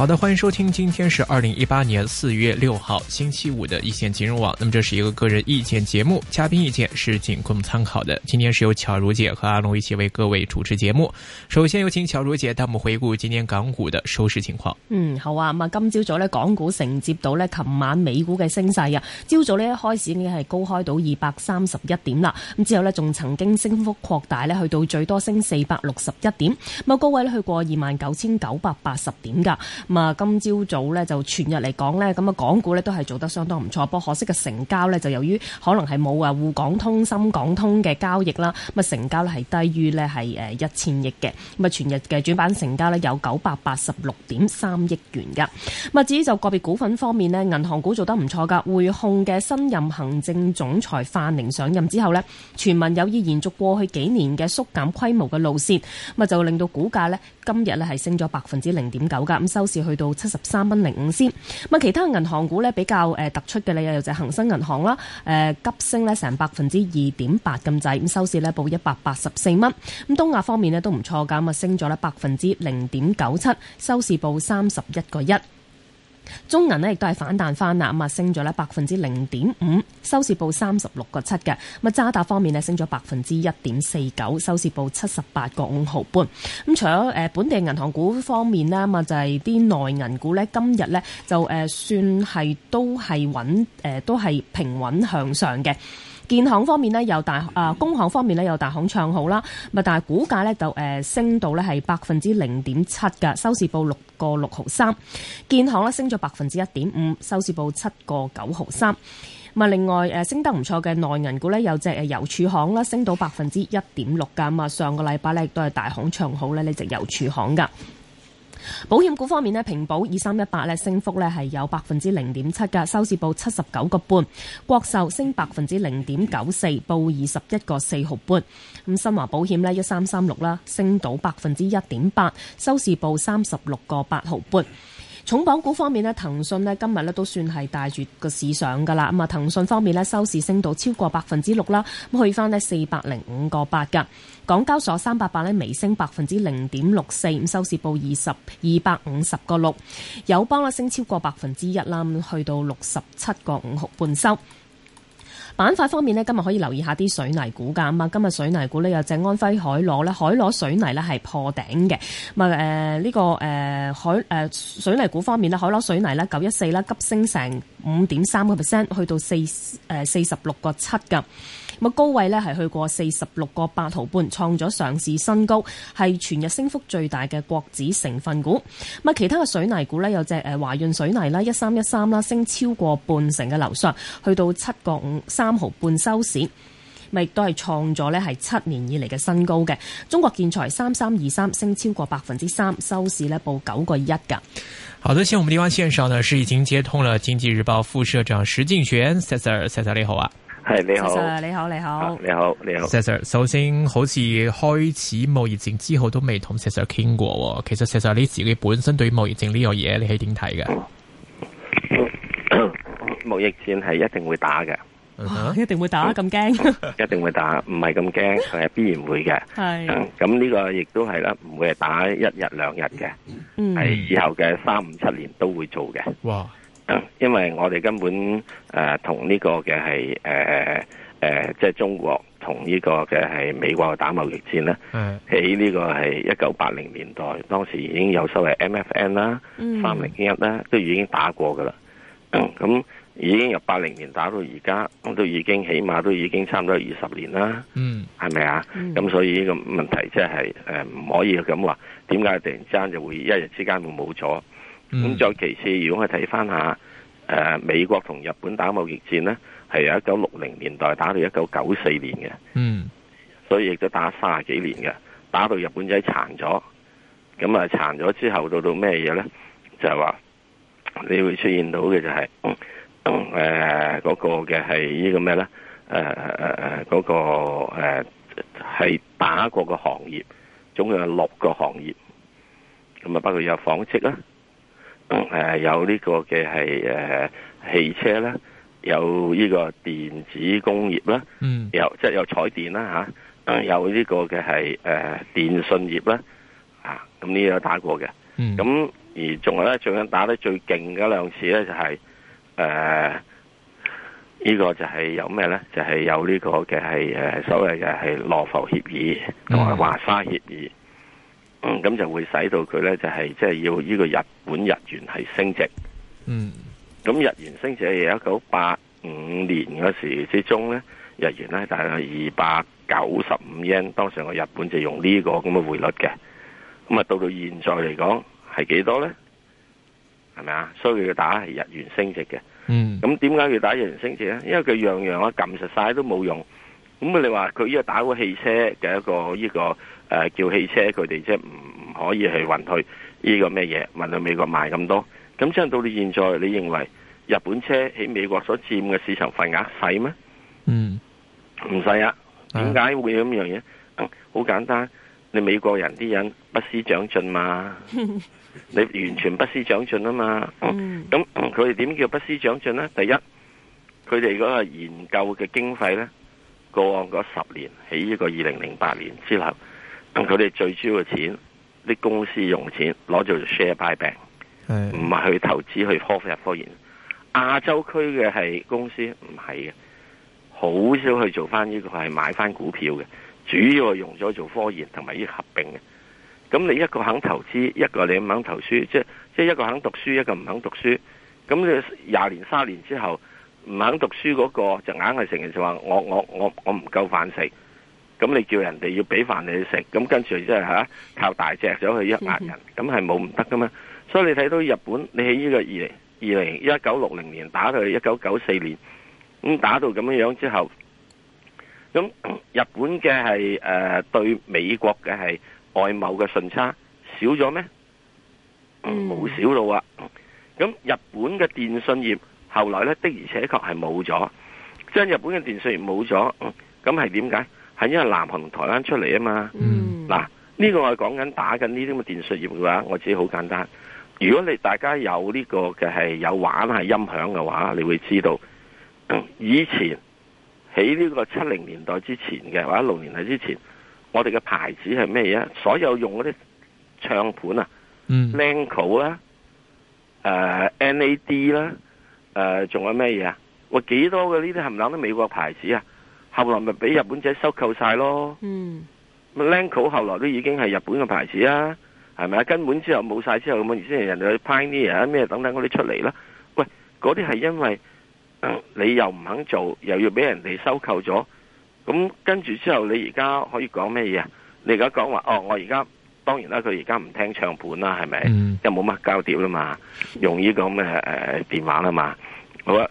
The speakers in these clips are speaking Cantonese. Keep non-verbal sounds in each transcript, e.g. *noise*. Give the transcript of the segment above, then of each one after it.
好的，歡迎收聽，今天是二零一八年四月六號星期五的一線金融網。那麼這是一個個人意見節目，嘉賓意見是僅供參考的。今天是由巧如姐和阿龍一起為各位主持節目。首先有請巧如姐帶我們回顧今天港股的收市情況。嗯，好啊。嗯，今朝早呢，港股承接到呢琴晚美股嘅升勢啊。朝早呢一開市已經係高開到二百三十一點啦。咁之後呢，仲曾經升幅擴大呢去到最多升四百六十一點。咁啊，高位呢去過二萬九千九百八十點噶。咁啊，今朝早呢，就全日嚟講呢，咁啊，港股呢都係做得相當唔錯，不過可惜嘅成交呢，就由於可能係冇啊，滬港通深港通嘅交易啦，咁啊，成交呢係低於呢係一千億嘅，咁啊，全日嘅主板成交呢，有九百八十六點三億元噶，至於就個別股份方面呢，銀行股做得唔錯㗎，匯控嘅新任行政總裁范寧上任之後呢，傳聞有意延續過去幾年嘅縮減規模嘅路線，咁啊就令到股價呢。今日咧係升咗百分之零點九噶，咁收市去到七十三蚊零五仙。咁其他銀行股咧比較誒突出嘅咧，又就恒生銀行啦，誒急升咧成百分之二點八咁滯，咁收市咧報一百八十四蚊。咁東亞方面咧都唔錯噶，咁啊升咗咧百分之零點九七，收市報三十一個一。.中銀咧亦都係反彈翻啦，咁啊升咗咧百分之零點五，收市報三十六個七嘅。咁渣打方面呢升咗百分之一點四九，收市報七十八個五毫半。咁除咗誒本地銀行股方面啦，咁啊就係啲內銀股咧，今日咧就誒算係都係穩誒，都係平穩向上嘅。建行方面呢，有大啊，工行方面呢，有大行唱好啦，咁啊，但係股價呢，就誒升到呢係百分之零點七噶，收市報六個六毫三。建行呢，升咗百分之一點五，收市報七個九毫三。咁啊，另外誒升得唔錯嘅內銀股呢，有隻誒郵儲行啦，升到百分之一點六噶，咁啊，上個禮拜呢，亦都係大行唱好呢，呢隻郵儲行噶。保險股方面咧，平保二三一八咧，升幅咧係有百分之零點七噶，收市報七十九個半；國壽升百分之零點九四，報二十一個四毫半；咁新華保險呢，一三三六啦，升到百分之一點八，收市報三十六個八毫半。重磅股方面呢，騰訊咧今日咧都算係帶住個市上噶啦。咁啊，騰訊方面咧收市升到超過百分之六啦，咁去翻呢四百零五個八嘅。港交所三百八咧，微升百分之零點六四咁，收市報二十二百五十個六。友邦咧升超過百分之一啦，去到六十七個五毫半收。板塊方面呢，今日可以留意下啲水泥股噶。啊，今日水泥股呢，有隻安徽海螺咧，海螺水泥咧係破頂嘅。咁啊，誒呢個誒海誒水泥股方面呢，海螺水泥呢，九一四啦，急升成五點三個 percent，去到四誒四十六個七噶。咁高位咧係去過四十六個八毫半，創咗上市新高，係全日升幅最大嘅國指成分股。咁其他嘅水泥股呢，有隻誒華潤水泥啦，一三一三啦，升超過半成嘅樓上，去到七個五三毫半收市，咪亦都係創咗呢係七年以嚟嘅新高嘅。中國建材三三二三升超過百分之三，收市呢報九個一㗎。好，多先我們呢邊線上呢，是已經接通了經濟日報副社長石鏡泉，Sir，Sir 你好啊。係你,你好，你好，你、啊、好你好，你好你好，石 Sir 首先，好似開始貿易戰之後都未同石 Sir 傾過。其實石 Sir 你自己本身對貿易戰呢樣嘢，你係點睇嘅？貿 *laughs* 易戰係一定會打嘅，一定會打，咁驚、嗯？一定會打，唔係咁驚，係 *laughs* 必然會嘅。係，咁、嗯、呢個亦都係啦，唔會係打一日兩日嘅，係、嗯、以後嘅三五七年都會做嘅。哇！因為我哋根本誒同呢個嘅係誒誒即係中國同呢個嘅係美國嘅打貿易戰咧，喺呢個係一九八零年代，當時已經有所謂 M F N 啦，三零一啦，都已經打過噶啦。咁、嗯嗯、已經由八零年打到而家，都已經起碼都已經差唔多二十年啦。嗯，係咪啊？咁、嗯、所以呢個問題即係誒唔可以咁話，點解突然間就會一日之間會冇咗？咁、嗯、再、嗯、其次，如果我哋睇翻下，誒、呃，美國同日本打貿易戰咧，係由一九六零年代打到一九九四年嘅，嗯，所以亦都打三十幾年嘅，打到日本仔殘咗，咁啊殘咗之後，到到咩嘢咧？就係話你會出現到嘅就係、是，誒、嗯、嗰、嗯呃嗰個嘅係呢、呃呃嗰個咩咧？誒誒誒，嗰個誒係打過嘅行業，總共有六個行業，咁啊，包括有紡織啦。誒、嗯，有呢個嘅係誒汽車啦，有呢個電子工業啦，嗯，有即係、就是、有彩電啦吓、啊，有呢個嘅係誒電信業啦，啊，咁呢個打過嘅，咁、嗯、而仲有咧最近打得最勁嘅兩次咧就係誒呢個就係有咩咧就係、是、有呢個嘅係誒所謂嘅係羅浮協議同埋華沙協議。嗯，咁就會使到佢咧，就係即係要呢個日本日元係升值。嗯，咁日元升值1985，而一九八五年嗰時之中咧，日元咧大概係二百九十五英，當時我日本就用呢個咁嘅匯率嘅。咁啊，到到現在嚟講係幾多咧？係咪啊？所以佢要打係日元升值嘅。嗯，咁點解要打日元升值咧？因為佢樣樣咧，撳實晒都冇用。咁你話佢呢個打個汽車嘅一個呢、這個。誒，叫汽車佢哋即係唔唔可以去運去呢個咩嘢？運去美國賣咁多，咁真係到你現在，你認為日本車喺美國所占嘅市場份額細咩？嗯，唔細啊？點解會咁樣嘢？好簡單，你美國人啲人不思長進嘛？你完全不思長進啊嘛？咁佢哋點叫不思長進呢？第一，佢哋嗰個研究嘅經費呢，過往嗰十年喺呢個二零零八年之後。佢哋最主要嘅錢，啲公司用錢攞做 share buy back，唔係去投資去 cover 入科研。亞洲區嘅係公司唔係嘅，好少去做翻、這、呢個係買翻股票嘅，主要係用咗做科研同埋呢合併嘅。咁你一個肯投資，一個你唔肯投書，即係即係一個肯讀書，一個唔肯讀書。咁你廿年卅年之後唔肯讀書嗰、那個就硬係成日就話我我我我唔夠飯食。咁你叫人哋要俾飯你食，咁跟住即係嚇靠大隻咗去一壓人，咁係冇唔得噶嘛。所以你睇到日本，你喺呢個二零二零一九六零年打到一九九四年，咁打到咁樣樣之後，咁日本嘅係誒對美國嘅係外貿嘅順差少咗咩？冇少到啊！咁日本嘅電信業後來呢的而且確係冇咗，將日本嘅電信業冇咗，咁係點解？係因為南韓同台灣出嚟啊嘛，嗱、mm. 呢、這個我講緊打緊呢啲咁嘅電訊業嘅話，我自己好簡單。如果你大家有呢、這個嘅係有玩係音響嘅話，你會知道以前喺呢個七零年代之前嘅或者六年代之前，我哋嘅牌子係咩嘢？所有用嗰啲唱盤啊、Lenco 啦、誒 NAD 啦、誒仲有咩嘢啊？喂、呃，幾、啊呃、多嘅呢啲係唔係都美國牌子啊？後來咪俾日本仔收購晒咯，嗯 Lenco 後來都已經係日本嘅牌子啊，係咪啊？根本之後冇晒之後咁樣，於是人哋去 Pioneer 咩等等嗰啲出嚟啦。喂，嗰啲係因為、嗯、你又唔肯做，又要俾人哋收購咗，咁跟住之後你而家可以講咩嘢？你而家講話哦，我而家當然啦，佢而家唔聽唱片啦，係咪？又冇乜交碟啦嘛，用呢、這個咁嘅誒電話啦嘛。好啊，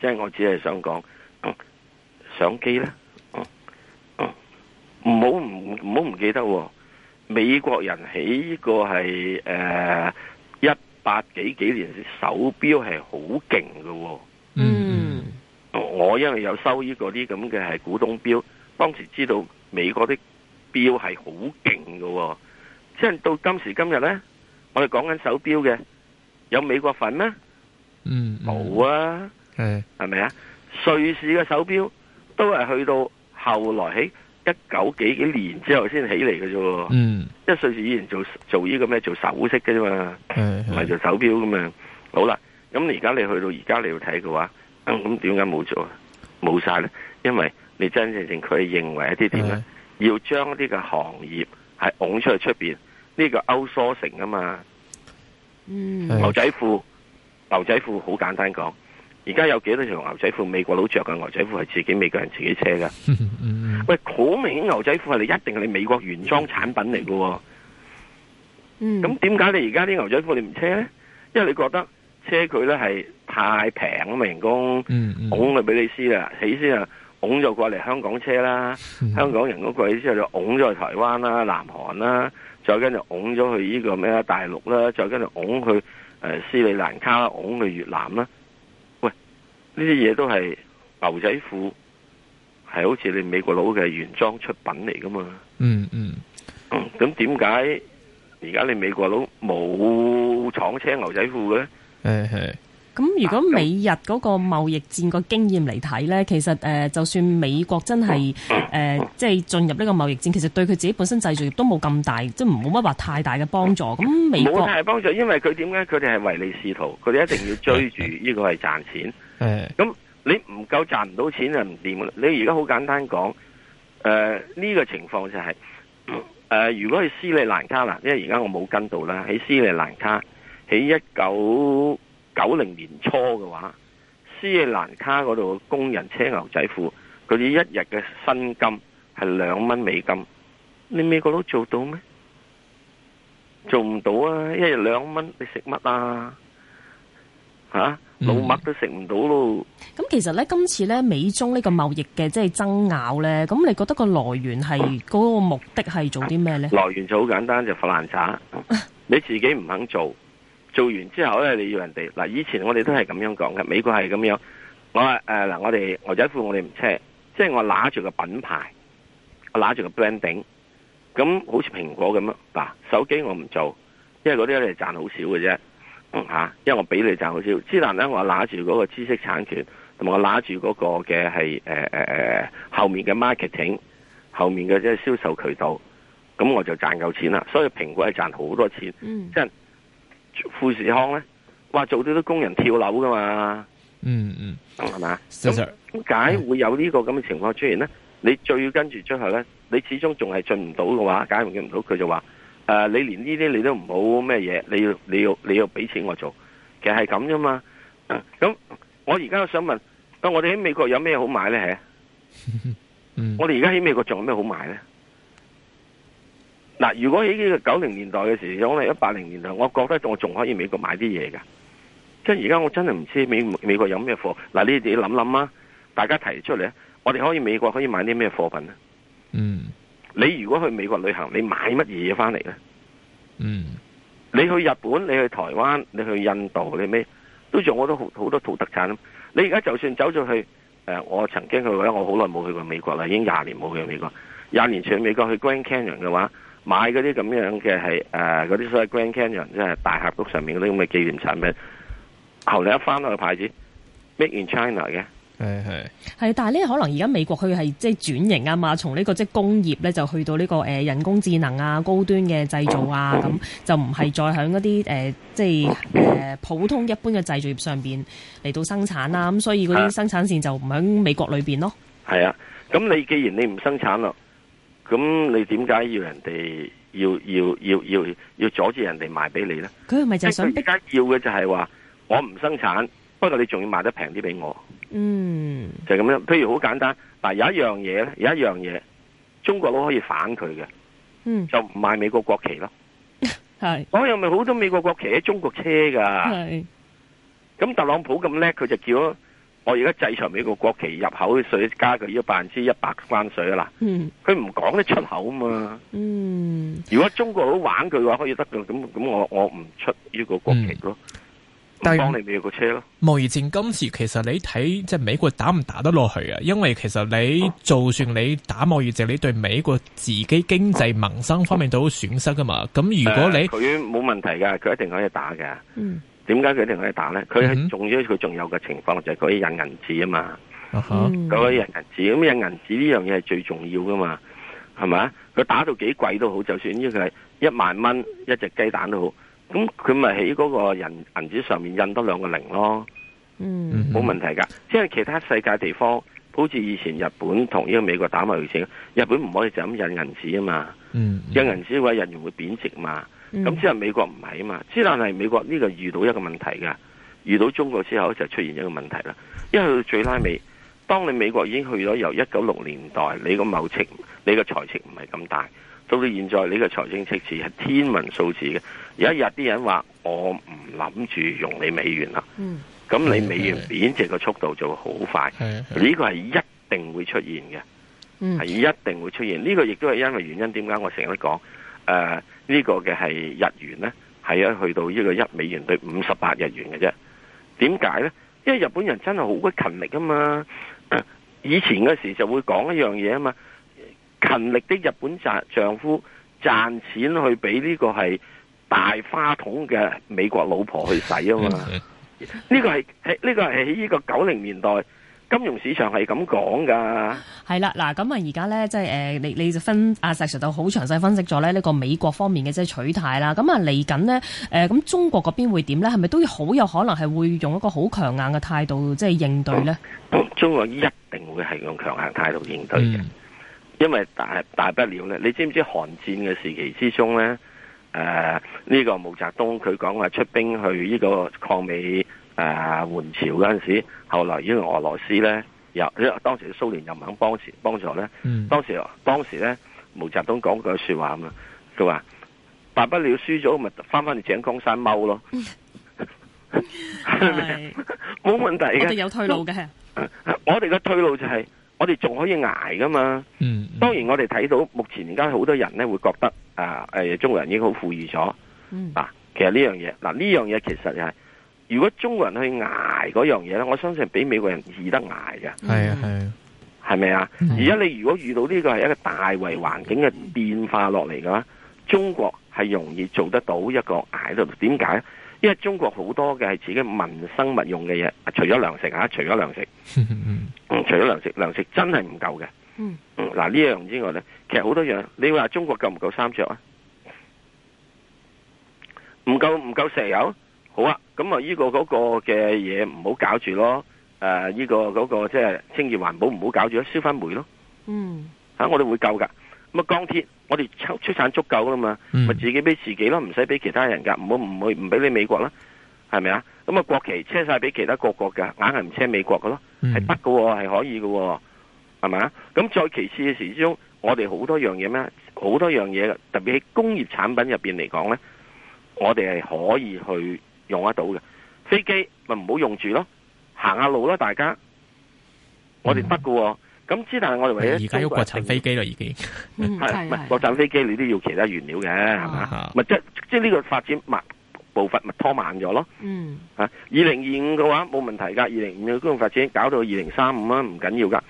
即係我只係想講。相機咧，嗯嗯，唔好唔唔好唔記得喎。美國人喺呢個係誒一八幾幾年，手錶係好勁㗎。嗯，我因為有收呢個啲咁嘅係古董錶，當時知道美國啲錶係好勁㗎。即係到今時今日咧，我哋講緊手錶嘅，有美國份咩？嗯，冇啊，係，係咪啊？瑞士嘅手錶。都係去到後來喺一九幾幾年之後先起嚟嘅啫。嗯，即係瑞士以前做做呢個咩做首飾嘅啫嘛，唔係做手表嘅嘛。好啦，咁而家你去到而家你要睇嘅話，咁點解冇做？啊？冇晒啦，因為你真真正正，佢認為一啲點咧，要將啲嘅行業係拱出去出邊，呢、這個 outsourcing 啊嘛。嗯，牛仔褲，牛仔褲好簡單講。而家有幾多條牛仔褲，美國佬着嘅牛仔褲係自己美國人自己車㗎、 *laughs* 嗯。喂，好明顯牛仔褲係你一定係你美國原裝產品嚟㗎。嗯，咁點解你而家啲牛仔褲你唔車呢？因為你覺得車佢咧係太平啊嘛，人、嗯、工。拱嚟俾你試啊，起先啊，拱咗過嚟香港車啦，香港人工貴，先就拱咗去台灣啦、南韓啦，再跟住拱咗去呢個咩啊大陸啦，再跟住拱去誒、呃、斯里蘭卡、拱去越南啦。呢啲嘢都係牛仔褲，係好似你美國佬嘅原裝出品嚟噶嘛？嗯嗯。咁點解而家你美國佬冇廠車牛仔褲咧？誒係。咁、嗯、如果美日嗰個貿易戰個經驗嚟睇咧，其實誒，就算美國真係誒，即係進入呢個貿易戰，其實對佢自己本身製造業都冇咁大，即係冇乜話太大嘅幫助。咁、嗯、美國冇太大幫助，因為佢點解？佢哋係唯利是圖，佢哋一定要追住呢、嗯嗯、個係賺錢。咁、嗯、你唔夠賺唔到錢就唔掂啦！你而家好簡單講，誒、呃、呢、這個情況就係、是、誒、呃，如果係斯里蘭卡啦，因為而家我冇跟到啦，喺斯里蘭卡喺一九九零年初嘅話，斯里蘭卡嗰度工人車牛仔褲，佢哋一日嘅薪金係兩蚊美金，你美國都做到咩？做唔到啊！一日兩蚊，你食乜啊？吓、啊！老麥都食唔到咯。咁、嗯嗯、其實咧，今次咧美中個貿呢個貿易嘅即係爭拗咧，咁你覺得個來源係嗰、嗯嗰個目的係做啲咩咧？來源就好簡單，就發爛渣。你自己唔肯做，做完之後咧，你要人哋嗱。以前我哋都係咁樣講嘅，美國係咁樣。我話誒嗱、呃，我哋牛仔褲我哋唔車，即、就、係、是、我拿住個品牌，我拿住個 branding。咁好似蘋果咁樣，嗱，手機我唔做，因為嗰啲哋賺好少嘅啫。吓，因為我俾你賺好少，之難咧，我拿住嗰個知識產權，同埋我拿住嗰個嘅係誒誒誒後面嘅 marketing，後面嘅即係銷售渠道，咁我就賺夠錢啦。所以蘋果係賺好多錢，嗯、即係富士康咧，哇做到啲工人跳樓噶嘛，嗯嗯，係嘛，咁點解會有個呢個咁嘅情況出現咧？你最跟住出後咧，你始終仲係進唔到嘅話，解決唔到，佢就話。誒，你連呢啲你都唔好咩嘢？你要你要你要俾錢我做，其實係咁啫嘛。咁我而家想問，我哋喺美國有咩好買咧？係， *laughs* 我哋而家喺美國仲有咩好買咧？嗱，如果喺呢個九零年代嘅時候，我哋一八零年代，我覺得我仲可以美國買啲嘢噶。即係而家我真係唔知美美國有咩貨。嗱，你哋諗諗啊，大家提出嚟，我哋可以美國可以買啲咩貨品咧？你如果去美國旅行，你買乜嘢翻嚟咧？嗯，你去日本、你去台灣、你去印度、你咩，都仲我好多好好多土特產。你而家就算走咗去，誒、呃，我曾經去過咧，我好耐冇去過美國啦，已經廿年冇去過美國。廿年前去美國去 Grand Canyon 嘅話，買嗰啲咁樣嘅係誒嗰啲所謂 Grand Canyon 即係大峽谷上面嗰啲咁嘅紀念產品，後嚟一翻個牌子，Make in China 嘅。係係係，但係呢？可能而家美國佢係即係轉型啊嘛，從呢個即係工業咧，就去到呢個誒人工智能啊、高端嘅製造啊咁、嗯嗯，就唔係再響嗰啲誒即係誒普通一般嘅製造業上邊嚟到生產啦，咁所以嗰啲生產線就唔響美國裏邊咯。係啊，咁你既然你唔生產咯，咁你點解要人哋要要要要要阻住人哋賣俾你咧？佢係咪就係想逼？而家要嘅就係話我唔生產。不過你仲要賣得平啲俾我，嗯，就咁樣。譬如好簡單，嗱有一樣嘢咧，有一樣嘢，中國佬可以反佢嘅，嗯，就唔賣美國國旗咯。係，我又咪好多美國國旗喺中國車噶，係。咁特朗普咁叻，佢就叫，我而家制裁美國國旗，入口嘅水，加佢呢個百分之一百關稅啦。嗯，佢唔講得出口啊嘛。嗯，如果中國佬玩佢嘅話可以得嘅，咁咁我我唔出呢個國旗咯。嗯當你但有個車咯。貿易戰今時其實你睇，即係美國打唔打得落去啊？因為其實你就算，啊、你打貿易戰，你對美國自己經濟民生方面都好損失噶嘛。咁，啊、如果你佢冇問題噶，佢一定可以打嘅。嗯，點解佢一定可以打咧？佢係重要，佢仲有個情況就係可以印銀紙啊嘛。嗰啲印銀紙，咁印銀紙呢樣嘢係最重要噶嘛？係咪？佢打到幾貴都好，就算呢個係一萬蚊一隻雞蛋都好。咁佢咪喺嗰個人銀、銀紙上面印多兩個零咯。嗯，冇問題噶、嗯。即係其他世界地方，好似以前日本同呢個美國打貿易戰，日本唔可以就咁印銀紙啊嘛。嗯，印銀紙嘅話，仍然會貶值嘛。咁、嗯、之係美國唔係啊嘛。之但係美國呢個遇到一個問題㗎，遇到中國之後就出現一個問題啦。因為到最拉尾，當你美國已經去咗由一九六年代，你個貿赤，你個財赤唔係咁大。到到現在，呢、這個財政赤字係天文數字嘅。有一日啲人話：我唔諗住用你美元啦。咁、嗯、你美元貶值嘅速度就會好快。呢個係一定會出現嘅，係、嗯、一定會出現。呢、這個亦都係因為原因為。點解我成日都講誒，呢個嘅係日元呢，係一去到呢個一美元對五十八日元嘅啫。點解呢？因為日本人真係好鬼勤力噶嘛。以前嗰時就會講一樣嘢啊嘛。勤力的日本丈夫賺錢去俾呢個係大花筒嘅美國老婆去使啊嘛！呢 *laughs* 個係喺呢個係喺呢個九零年代金融市場係咁講噶。係啦，嗱咁啊，而家咧即係誒，你你就分阿石 sir 就好詳細分析咗咧呢個美國方面嘅即係取態啦。咁啊嚟緊呢，誒咁中國嗰邊會點咧？係咪都好有可能係會用一個好強硬嘅態度即係、就是、應對咧、嗯嗯？中國一定會係用強硬態度應對嘅。嗯因為大大不了咧，你知唔知韓戰嘅時期之中咧？誒、呃，呢、這個毛澤東佢講話出兵去呢個抗美誒援朝嗰陣時候，後來呢個俄羅斯咧，又因為當時蘇聯又唔肯幫持幫助咧、嗯。當時當時咧，毛澤東講句說話嘛，佢話大不了輸咗，咪翻翻去井岡山踎咯，冇、嗯、 *laughs* 問題嘅，我哋有退路嘅。我哋嘅退路就係、是。我哋仲可以挨噶嘛，嗯？嗯，當然我哋睇到目前而家好多人咧會覺得啊，誒、呃，中國人已經好富裕咗。嗯，嗱、啊，其實呢樣嘢，嗱呢樣嘢其實係如果中國人去挨嗰樣嘢咧，我相信比美國人易得挨嘅。係、嗯、啊，係啊，係咪啊？而家你如果遇到呢個係一個大圍環境嘅變化落嚟嘅話，中國係容易做得到一個挨到，點解咧？因為中國好多嘅係自己民生物用嘅嘢，除咗糧食吓，除咗糧食，除咗糧食，糧、 *laughs* 嗯、食，食真係唔夠嘅。嗯、嗱、啊、呢樣之外咧，其實好多樣。你話中國夠唔夠三着啊？唔夠唔夠石油？好啊，咁啊呢個嗰個嘅嘢唔好搞住咯。誒、呃、呢、這個嗰個即係清潔環保唔好搞住囉，燒翻煤咯。嗯、啊，吓我哋會夠噶。乜鋼鐵我哋出產產足夠噶啦嘛，咪、嗯、自己俾自己咯，唔使俾其他人噶，唔好唔好唔俾你美國啦，係咪啊？咁啊國旗車晒俾其他各國噶，硬係唔車美國噶咯，係得噶，係可以噶，係咪？咁再其次嘅時之中，我哋好多樣嘢咩？好多樣嘢特別喺工業產品入邊嚟講咧，我哋係可以去用得到嘅。飛機咪唔好用住咯，行下路咯，大家，我哋得噶。嗯咁之但係我哋為咗而家喐國產飛機啦，已經係唔係國產飛機？你都要其他原料嘅，係嘛？唔係即呢個發展物步伐咪拖慢咗囉。嗯啊，二零二五嘅話冇問題㗎，二零五嘅工業發展搞到二零三五啊，唔緊要㗎。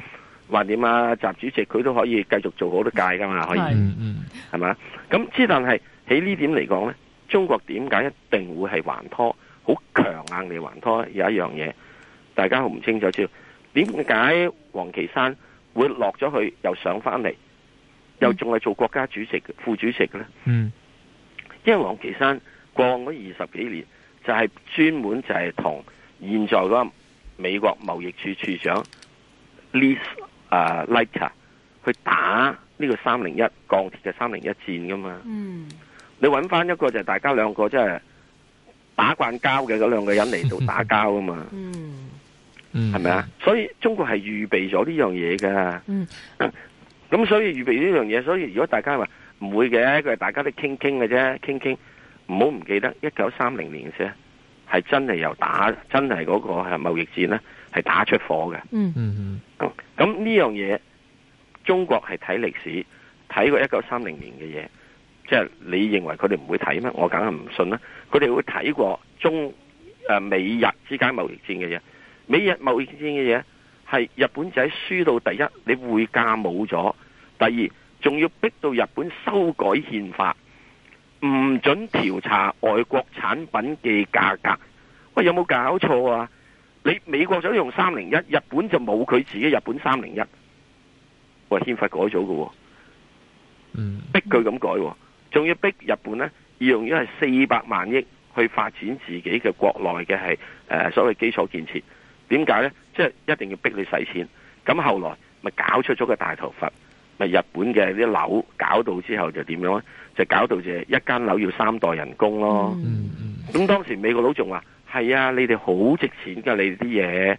話點呀？習主席佢都可以繼續做好多屆㗎嘛，可以嗯嗯係嘛？咁之但係喺呢點嚟講呢？中國點解一定會係還拖好強硬嚟還拖？有一樣嘢大家好唔清楚，知道點解王岐山？會落咗去，又上翻嚟，又仲係做國家主席、副主席嘅咧。嗯，因為王岐山過咗二十幾年，就係、是、專門就係同現在嗰個美國貿易處處長 Lisa、uh, Lighter 去打呢個三零一鋼鐵嘅三零一戰噶嘛。嗯，你揾翻一個就係大家兩個即係打慣交嘅嗰兩個人嚟到打交㗎嘛。嗯。嗯嗯，係咪啊？所以中國係預備咗呢樣嘢噶。嗯，咁所以預備呢樣嘢，所以如果大家話唔會嘅，佢係大家都傾傾嘅啫，傾傾唔好唔記得一九三零年先係真係又打真係嗰個係貿易戰呢係打出火嘅。嗯，嗯，嗯。咁呢樣嘢，中國係睇歷史，睇過一九三零年嘅嘢，即係你認為佢哋唔會睇咩？我梗係唔信啦。佢哋會睇過中誒、呃、美日之間貿易戰嘅嘢。美日貿易戰嘅嘢，係日本仔輸到第一，你匯價冇咗，第二仲要逼到日本修改憲法，唔准調查外國產品嘅價格。喂，有冇搞錯啊？你美國想用三零一，日本就冇佢自己日本三零一。喂，憲法改咗㗎喎，嗯，逼佢咁改、啊，仲要逼日本呢，要用咗係四百萬億去發展自己嘅國內嘅係、呃、所謂基礎建設。點解呢？即係一定要逼你使錢。咁後來咪搞出咗個大頭佛，咪日本嘅啲樓搞到之後就點樣咧？就搞到就一間樓要三代人工咯。咁、嗯、當時美國佬仲話：係啊，你哋好值錢噶，你哋啲嘢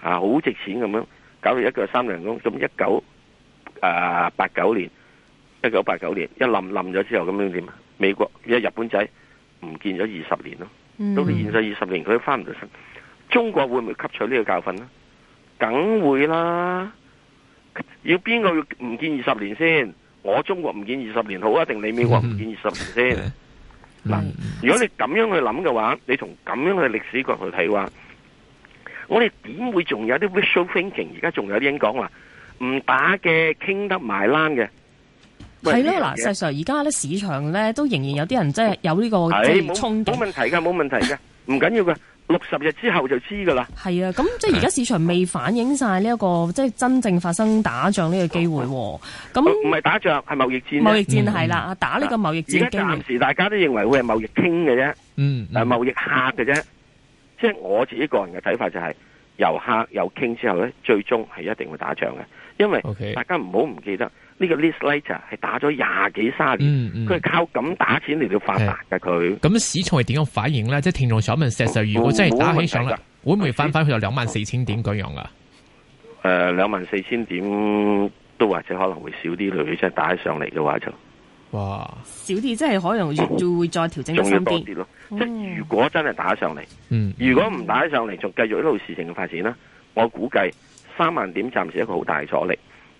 啊好值錢咁樣，搞到一個三代人工。咁一九八九年，一九八九年一冧冧咗之後，咁樣點啊？美國又日本仔唔見咗二十年咯。到你現世二十年，佢都翻唔到身。中國會唔會吸取呢個教訓咧？梗會啦！要邊個要唔見二十年先？我中國唔見二十年好啊，定你美國唔見二十年先？嗱、嗯嗯，如果你咁樣去諗嘅話，你從咁樣嘅歷史角度睇嘅話，我哋點會仲有啲 wishful thinking？而家仲有啲人講話唔打嘅傾得埋欄嘅，係咯？嗱，事實上而家咧市場咧都仍然有啲人即係有呢個衝突。冇問題㗎，冇問題㗎，唔緊要嘅。六十日之後就知噶啦。係啊，咁即係而家市場未反映晒呢一個即係真正發生打仗呢個機會。咁唔係打仗，係貿易戰。貿易戰，嗯，係啦，打呢個貿易戰。而家暫時大家都認為會係貿易傾嘅啫，嗯，係、嗯、貿易客嘅啫。即係我自己個人嘅睇法就係，由客有傾之後咧，最終係一定會打仗嘅。因為大家唔好唔記得。Okay. 呢、這個 listator 係打咗廿幾三年，佢、嗯、係、嗯、靠咁打錢嚟到發達嘅佢。咁、嗯嗯嗯、市場係點樣反應咧？即係聽眾想問，石、嗯、實如果真係打起上嚟，會唔會翻翻去到兩萬四千點嗰樣啊？誒、呃，兩萬四千點都或者可能會少啲，女即係打起上嚟嘅話就哇、嗯、少啲，即係可能要會再調整，仲要多啲咯。即係如果真係打上嚟，如果唔打上嚟，仲繼續呢度事情嘅發展啦。我估計三萬點暫時一個好大阻力。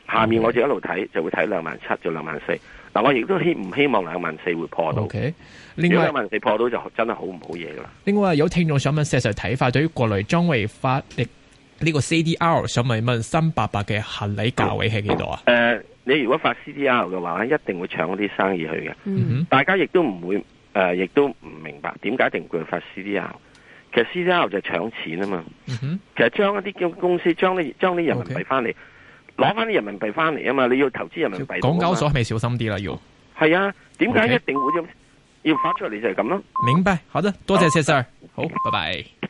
下面我就一路睇，就會睇兩萬七，就兩萬四。嗱，我亦都希唔希望兩萬四會破到。Okay, 另外，兩萬四破到，就真係好唔好嘢㗎啦。另外有聽眾想問，石 Sir 睇法對於國內裝備發力呢個 C D R，想問問三八八嘅合理價位係幾多啊、呃？你如果發 C D R 嘅話，一定會搶嗰啲生意去嘅。Mm -hmm. 大家亦都唔會誒，亦、呃、都唔明白點解一定會發 C D R。其實 C D R 就係搶錢啊嘛。Mm -hmm. 其實將一啲公司將啲將啲人民幣翻嚟。Okay. 攞翻啲人民幣翻嚟啊嘛，你要投資人民幣，港交所係咪小心啲啦要。係啊，點解，okay. 一定會要？要發出嚟就係咁咯。明白，好的，多謝謝 Sir，好，謝謝好 *laughs* 拜拜。